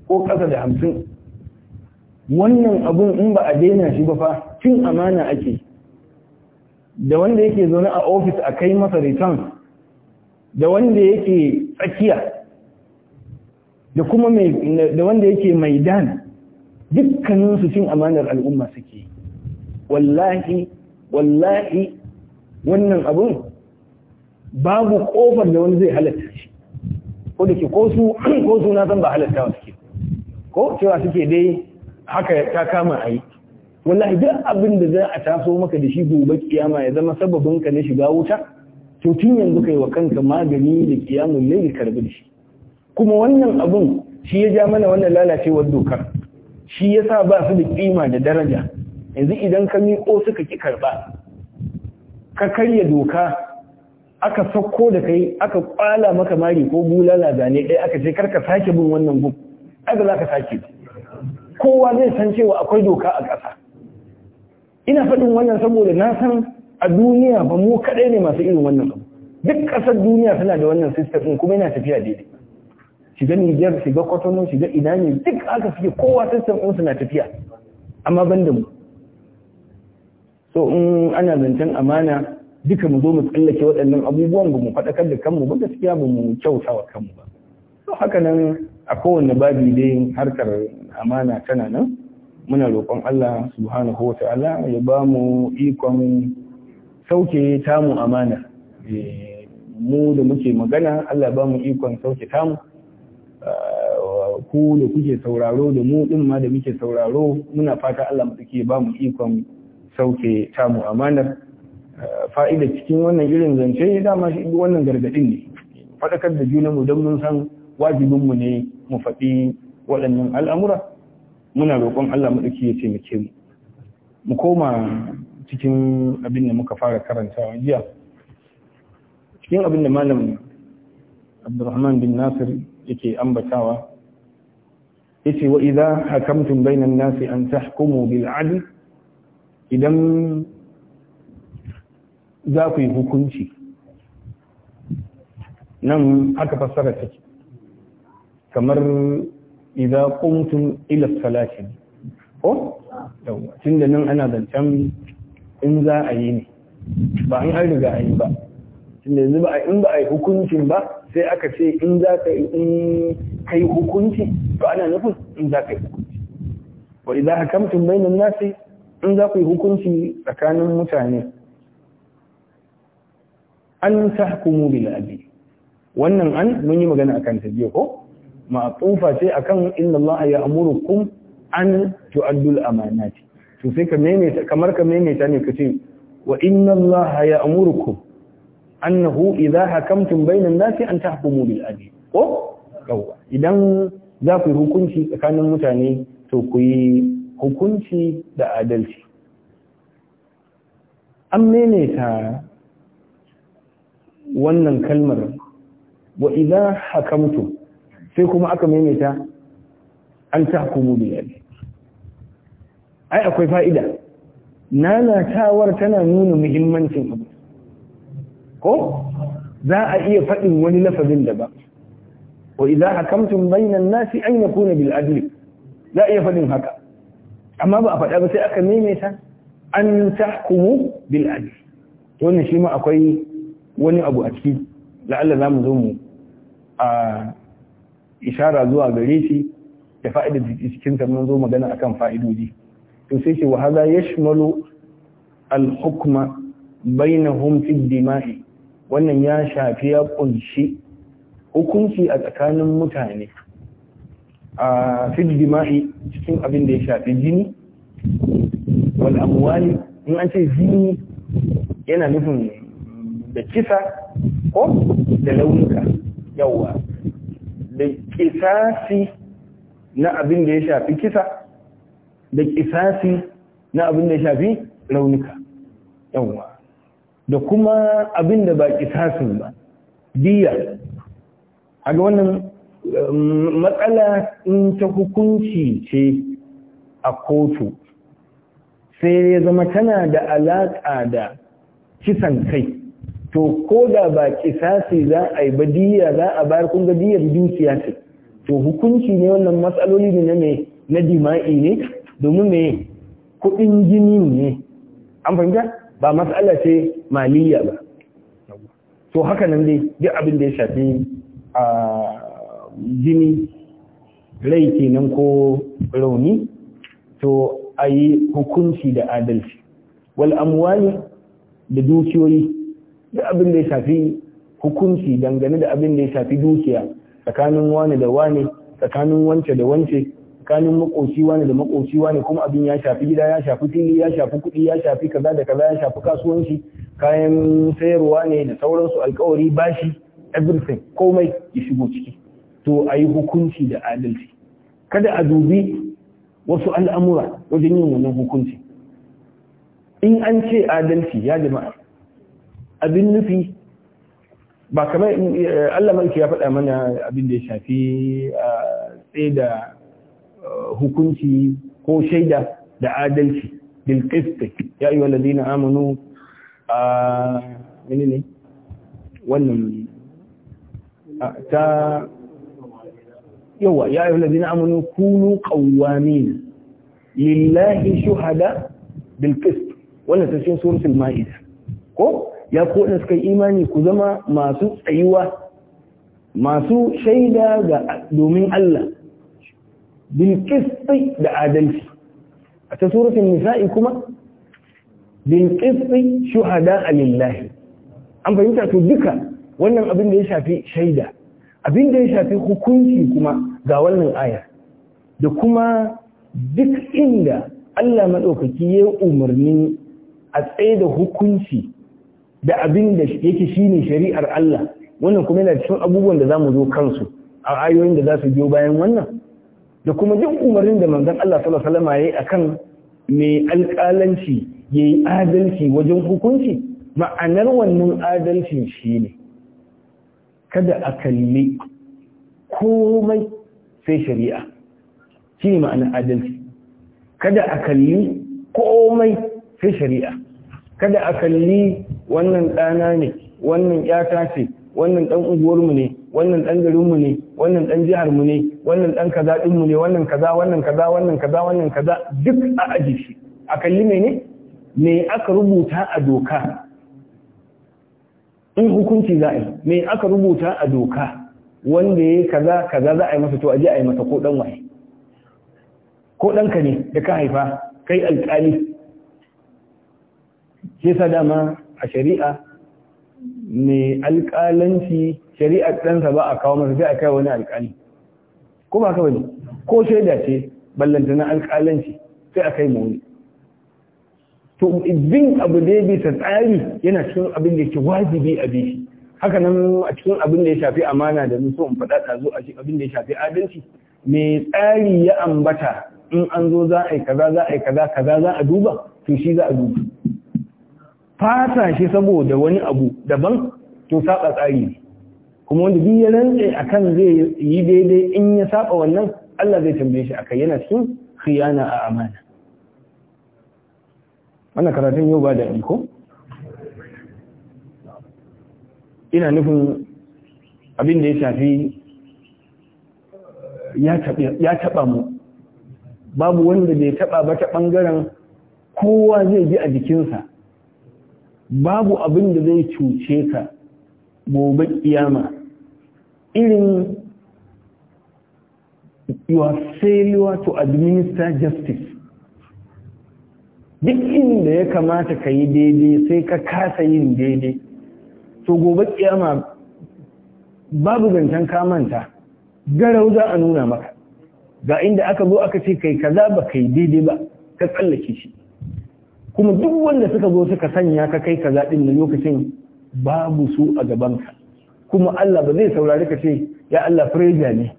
B: ko ƙasa da hamsin wannan abun in ba a daina shi ba fa cin amana ake da wanda yake zaune a ofis a kai masa return da wanda yake tsakiya da kuma da wanda yake maidan dukkaninsu cin amanar al'umma suke wallahi wallahi wannan abun babu kofar da wani zai halatta shi ko da ke ko su na san ba halatta wa suke ko cewa suke dai haka ta kama a yi wallahi duk abin da za a taso maka da shi gobe kiyama ya zama sababin ka na shiga wuta to tun yanzu kai wa kanka magani da kiyamun laili karbi da shi kuma wannan abun shi ya ja mana wannan lalacewar dokar shi ya sa ba su da kima da daraja yanzu idan ka miƙo suka ki karba ka karya doka aka sauko da kai aka kwala maka mari ko bulala zane ɗaya aka ce karka sake bin wannan buk aka za ka sake ba kowa zai san cewa akwai doka a ƙasa ina faɗin wannan saboda na san a duniya ba mu kaɗai ne masu irin wannan abu duk ƙasar duniya suna da wannan sistem ɗin kuma yana tafiya daidai shiga Nijar shiga kwatano shiga ne duk aka suke kowa sistem ɗin suna tafiya amma ban da mu so in ana zancen amana duka mu zo mu tsallake waɗannan abubuwan ba mu faɗakar da kanmu ba gaskiya ba mu kyauta wa kanmu ba to haka nan a kowane babi dai harkar amana tana nan muna roƙon Allah subhanahu wa ta'ala ya ba mu ikon sauke tamu amana eh, mu da muke magana Allah ba mu ikon sauke tamu eh, ku da kuke sauraro da mu din ma da muke sauraro muna fata Allah mu take ba mu ikon sauke tamu amanar eh, fa'ida cikin wannan irin zance dama shi wannan gargadin ne faɗakar da junanmu don mun san wajibinmu ne mu faɗi waɗannan al'amura muna roƙon Allah maɗauki ya taimake mu mu koma cikin abin da muka fara karantawa jiya cikin abin da malam Abdulrahman bin Nasir yake ambatawa yace wa idza hakamtum bainan nasi an tahkumu bil adl idan za ku yi hukunci nan aka fassara take kamar idza qumtum ila salati ko tunda nan ana zancen in za a yi ne ba an riga an yi ba tunda yanzu ba in ba a yi hukuncin ba sai aka ce in za ka in kai hukunci to ana nufin in za ka yi hukunci wa idza hakamtum bainan nasi in za ku yi hukunci tsakanin mutane an tahkumu bil abi wannan an mun yi magana akan ta jiya ko ma'atufa ce akan inna Allah ya amurukum an tu'addu al-amanati to sai ka maimaita kamar ka maimaita ne kace wa inna Allah ya amurukum annahu idha hakamtum bainan nasi an tahkumu bil adl ko yawa idan za ku hukunci tsakanin mutane to ku yi hukunci da adalci an maimaita wannan kalmar wa idha hakamtum sai kuma aka maimaita an tahkumu bil adl ai akwai fa'ida nanatawar tana nuna muhimmancin abu ko za a iya faɗin wani lafazin da ba wa idza hakamtum bainan nasi an yakuna kuna adl za a iya faɗin haka amma ba a faɗa ba sai aka maimaita an tahkumu bil adl wannan shi ma akwai wani abu a ciki la'alla za mu zo mu a ishara zuwa gare shi da fa'idar cikin sannan zo magana akan fa'idodi to sai ce wa ya shimalo al-hukma bainahum fi dima'i wannan ya shafi ya kunshi hukunci a tsakanin mutane a fi dima'i cikin abin da ya shafi jini wal amwali in an ce jini yana nufin da kisa ko da launuka yawwa da kisasi na abin da ya shafi kisa da kisasi na abin da ya shafi raunuka yawwa da kuma abin da ba kisasin ba diya a ga wannan um, matsala in ta hukunci ce a kotu sai ya zama tana da alaƙa da kisan kai to ko da ba kisasi za a yi ba diya za a bayar kun ga diyar dukiya ce to hukunci ne wannan matsaloli ne mai na dima'i ne domin me kudin jini ne an fahimta ba matsala ce maliyya ba to haka nan dai duk abin da ya shafi a jini rai kenan ko rauni to a yi hukunci da adalci wal amwali da dukiyoyi duk abin da ya shafi hukunci dangane da abin da ya shafi dukiya tsakanin wani da wani tsakanin wance da wance tsakanin makoci wani da makoci wani kuma abin ya shafi gida ya shafi fili ya shafi kuɗi ya shafi kaza da kaza ya shafi kasuwanci kayan sayarwa ne da sauransu alkawari bashi everything komai ya shigo ciki to a yi hukunci da adalci kada a dubi wasu al'amura wajen yin wannan hukunci in an ce adalci ya jama'a abin nufi ba kamar eh, Allah maiki ya faɗa mana abin da ya shafi eh, tsaye da eh, hukunci ko shaida da adalci bilkist ya yi wallazi na amonu a mini ne wannan ah, ta yawa ya yi wallazi na kunu ƙawwamin lillahi shuhada bilkist wannan ta cikin suratul ma'ida ko ya ko suka yi imani ku zama masu tsayuwa masu shaida ga domin Allah bil qisti da adalci a ta suratul nisa'i kuma bil shuhada shuhada lillahi an bayyana to duka wannan abin da ya shafi shaida abin da ya shafi hukunci kuma ga wannan aya da kuma duk inda Allah madaukaki ya umarni a tsaye da hukunci da abin da yake shine shari'ar Allah wannan kuma yana cikin abubuwan da za mu zo kansu a ayoyin da za su biyo bayan wannan da kuma duk umarnin da manzon Allah sallallahu alaihi wasallam akan mai alƙalanci yayi adalci wajen hukunci ma'anar wannan adalcin shine kada a kalli komai sai shari'a shine ma'anar adalci kada a kalli komai sai shari'a kada a kalli wannan ɗana ne wannan ƴata ce wannan ɗan unguwarmu ne wannan ɗan garinmu ne wannan ɗan jiharmu ne wannan ɗan kaza ɗinmu ne wannan kaza wannan kaza wannan kaza wannan kaza duk a aji shi a kalli mene me aka rubuta a doka in hukunci za a yi me aka rubuta a doka wanda ya kaza kaza za a yi masa to a a yi masa ko ɗan waye ko ɗanka ne da ka haifa kai alƙali ke sa dama a shari'a mai alƙalanci shari'a ɗansa ba a kawo masa sai a kai wani alƙali ko ba kawai ko shaida ce ballanta na alƙalanci sai a kai mawuni to bin abu da ya bisa tsari yana cikin abin da yake wajibi a shi. haka nan a cikin abin da ya shafi amana da nuso in faɗa zo a cikin abin da ya shafi adalci mai tsari ya ambata in an zo za a yi kaza za a yi kaza kaza za a duba to shi za a duba fasa shi saboda wani abu daban to saba tsari kuma wanda bi ya rantse akan zai yi daidai in ya saba wannan Allah zai tambaye shi akai yana cikin khiyana a amana wannan karatun yau ba da iko ina nufin abin da ya shafi ya taba mu babu wanda bai taba ba ta bangaren kowa zai ji a jikinsa babu abin da zai cuce ka gobe kiyama irin your failure to administer justice duk inda ya kamata ka yi daidai sai ka kasa yin daidai to gobe kiyama babu zancen kamanta garau za a nuna maka ga inda aka zo aka ce kai kaza ba kai daidai ba ka tsallake shi kuma duk wanda suka zo suka sanya ka kai ka zaɗin na lokacin babu su a gabanka kuma Allah ba zai saurari ka ce ya Allah freja ne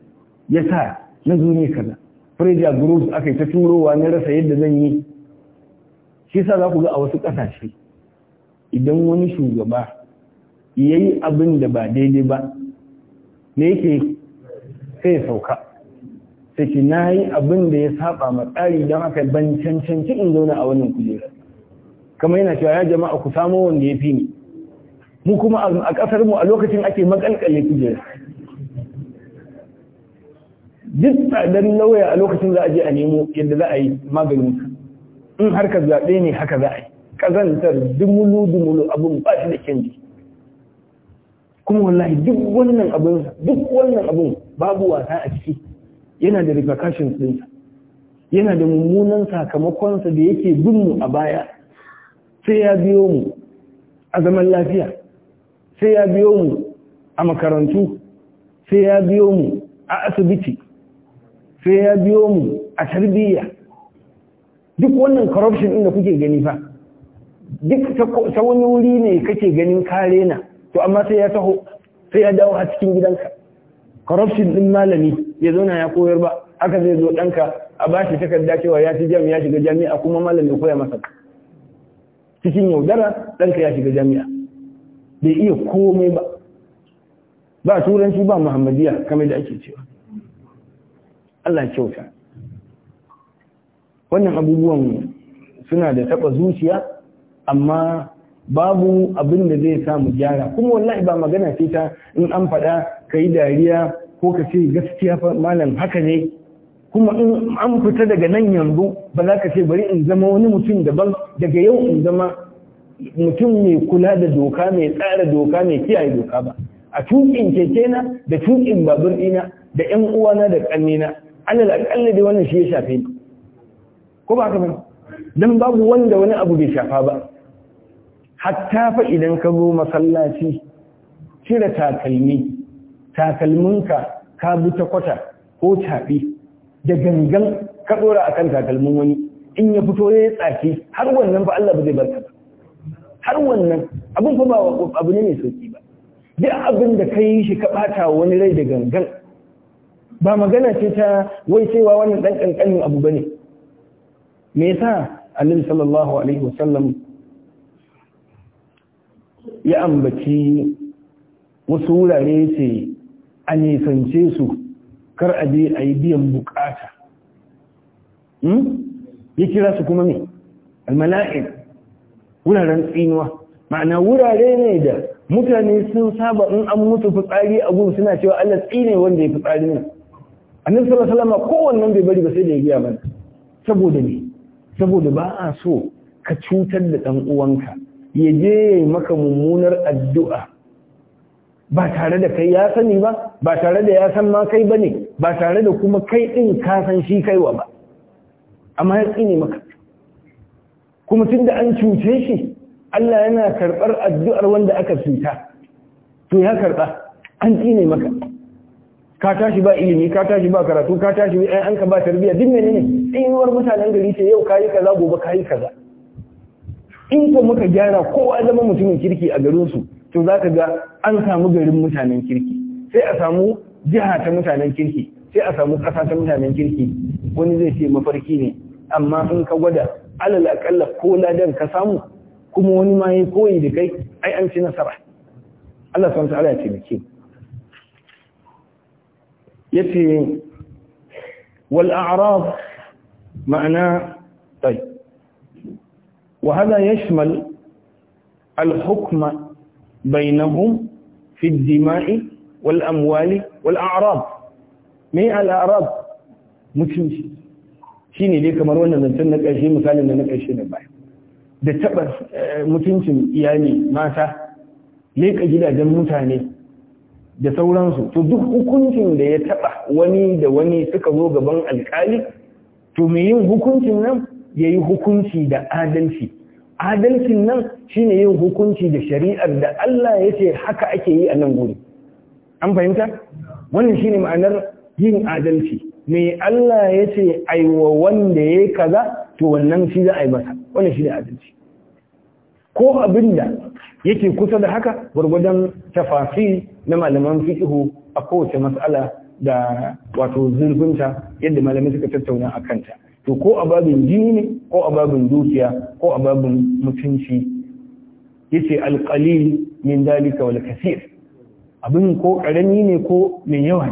B: ya sa na zuni kaza freja group aka yi ta turowa na rasa yadda zan yi shi sa za ku ga a wasu ƙasashe idan wani shugaba ya yi abin da ba daidai ba me yake sai ya sauka sai na yi abin da ya saba ma tsari don haka ban cancanci in zauna a wannan kujera kamar yana cewa ya jama'a ku samo wanda ya fi ni mu kuma a ƙasar mu a lokacin ake makalkalle kujera duk tsadar lauya a lokacin za a je a nemo yadda za a yi maganin in harkar zaɓe ne haka za a yi ƙazantar dumulu dumulu abin ba shi da kyanji kuma wallahi duk wannan abin duk wannan abin babu wasa a ciki yana da repercussions ɗinsa yana da mummunan sakamakonsa da yake bin mu a baya sai ya biyo mu a zaman lafiya sai ya biyo mu a makarantu sai ya biyo mu a asibiti sai ya biyo mu a tarbiyya duk wannan corruption ɗin da kuke gani fa duk ta wani wuri ne kake ganin kare na to amma sai ya taho sai ya dawo a cikin gidanka corruption ɗin malami ya zauna ya koyar ba aka zai zo ɗanka a bashi takarda cewa ya ci jami'a shiga jami'a kuma malami koya masa cikin yaudara ɗanka ya shiga jami'a bai iya komai ba ba turanci ba muhammadiyya kamar da ake cewa Allah kyauta wannan abubuwan suna da taɓa zuciya amma babu abin da zai samu gyara kuma wallahi ba magana ce ta in an faɗa ka yi dariya ko ka ce gaskiya malam haka ne kuma in an fita daga nan yanzu ba za ka ce bari in zama wani mutum daban daga yau in zama mutum mai kula da doka mai tsara doka mai kiyaye doka ba a tukin keke na da tukin babur ɗina da ƴan uwana da ƙannena alal aƙalla dai wannan shi ya shafe ni ko ba ka ba dan babu wanda wani abu bai shafa ba hatta fa idan ka zo masallaci cire takalmi takalminka ka bi ta kwata ko tafi da gangan ka dora akan takalmin wani in ya fito ya yi tsaki har wannan fa Allah ba zai barka ba har wannan abin kuma ba abu ne mai sauki ba duk abin da ka shi ka bata wani rai da gangan ba magana ce ta wai cewa wannan dan kankanin abu bane me yasa annabi sallallahu alaihi wasallam ya ambaci wasu wurare ce a nisance su kar a je a yi biyan bukata hmm? ya kira su kuma ne almala'in wuraren tsinuwa ma'ana wurare ne da mutane sun saba in an mutu fitsari a gun suna cewa Allah tsine wanda ya fitsari ne a nan sallar salama kowannen bai bari ba sai da ya giya mana saboda ne saboda ba a so ka cutar da ɗan uwanka ya je yi maka mummunar addu'a ba tare da kai ya sani ba ba tare da ya san ma kai ba ne ba tare da kuma kai ɗin ka shi kaiwa ba amma ya tsine maka kuma tun da an cuce shi Allah yana karɓar addu'ar wanda aka cuta to ya karɓa an tsine maka ka tashi ba ilimi ka tashi ba karatu ka tashi an ka ba tarbiyya duk menene tsinuwar mutanen gari ce yau kayi kaza gobe kayi kaza in ko muka gyara kowa zama mutumin kirki a garinsu to za ka ga an samu garin mutanen kirki sai a samu jiha ta mutanen kirki sai a samu ƙasa ta mutanen kirki wani zai ce mafarki ne amma in ka gwada alal akalla ko ladan ka samu kuma wani ma yi koyi da kai ai an ci nasara Allah subhanahu ta'ala ya miki yace wal a'rab ma'ana طيب وهذا يشمل الحكم bainahum fi dima'i wal amwali wal a'rab me al mutunci shine dai kamar wannan zancen na ƙarshe misalin da na baya da taɓa mutuncin iyali mata leƙa gidajen mutane da sauransu to duk hukuncin da ya taɓa wani da wani suka zo gaban alkali to mai yin hukuncin nan ya yi hukunci da adalci adalcin nan shine yin hukunci da shari'ar da Allah ya ce haka ake yi a nan guri an fahimta wannan shine ma'anar yin adalci me Allah ya ce aiwa wanda ya kaza to wannan shi za a yi masa wannan shi adalci ko abin da yake kusa da haka gwargwadon tafafi na malaman fiƙihu a kowace matsala da wato zurfinta yadda malamai suka tattauna a kanta to ko a jini ne ko a dukiya ko a babin mutunci yace alqalil min dalika wal kaseer abin ko karami ne ko mai yawa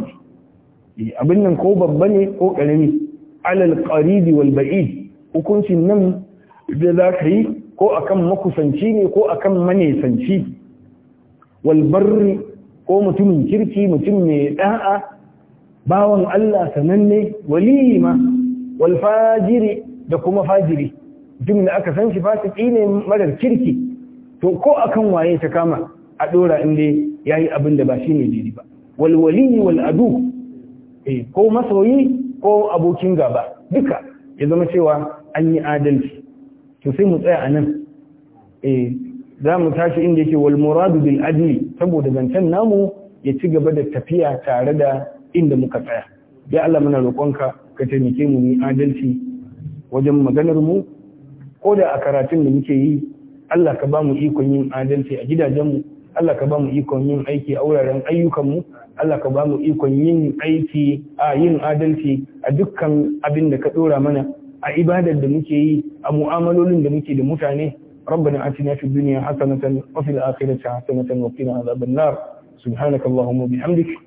B: ne eh, abin nan ko babba ne ko karami alal qaridi wal ba'id hukuncin nan da za ka yi ko akan makusanci ne ko akan manesanci wal barri ko mutumin kirki mutum mai da'a bawan Allah sananne walima wal fajiri da kuma fajiri duk da aka san shi fasiki ne marar kirki to ko akan waye ta kama a dora inda yayi abin da ba shi ne jiri ba Walwali wali wal adu eh ko masoyi ko abokin gaba duka ya zama cewa an yi adalci to sai mu tsaya anan eh za mu tashi inda yake wal muradu bil adli saboda zancen namu ya ci gaba da tafiya tare da inda muka tsaya ya Allah muna roƙonka ka taimake mu ni adalci wajen maganar mu ko da a karatun da muke yi Allah ka ba mu ikon yin adalci a gidajenmu Allah ka ba mu ikon yin aiki a wuraren ayyukanmu Allah ka ba mu ikon yin aiki a yin adalci a dukkan abin da ka dora mana a ibadar da muke yi a mu'amalolin da muke da mutane ربنا آتنا في الدنيا حسنة وفي الآخرة حسنة وقنا عذاب النار سبحانك اللهم وبحمدك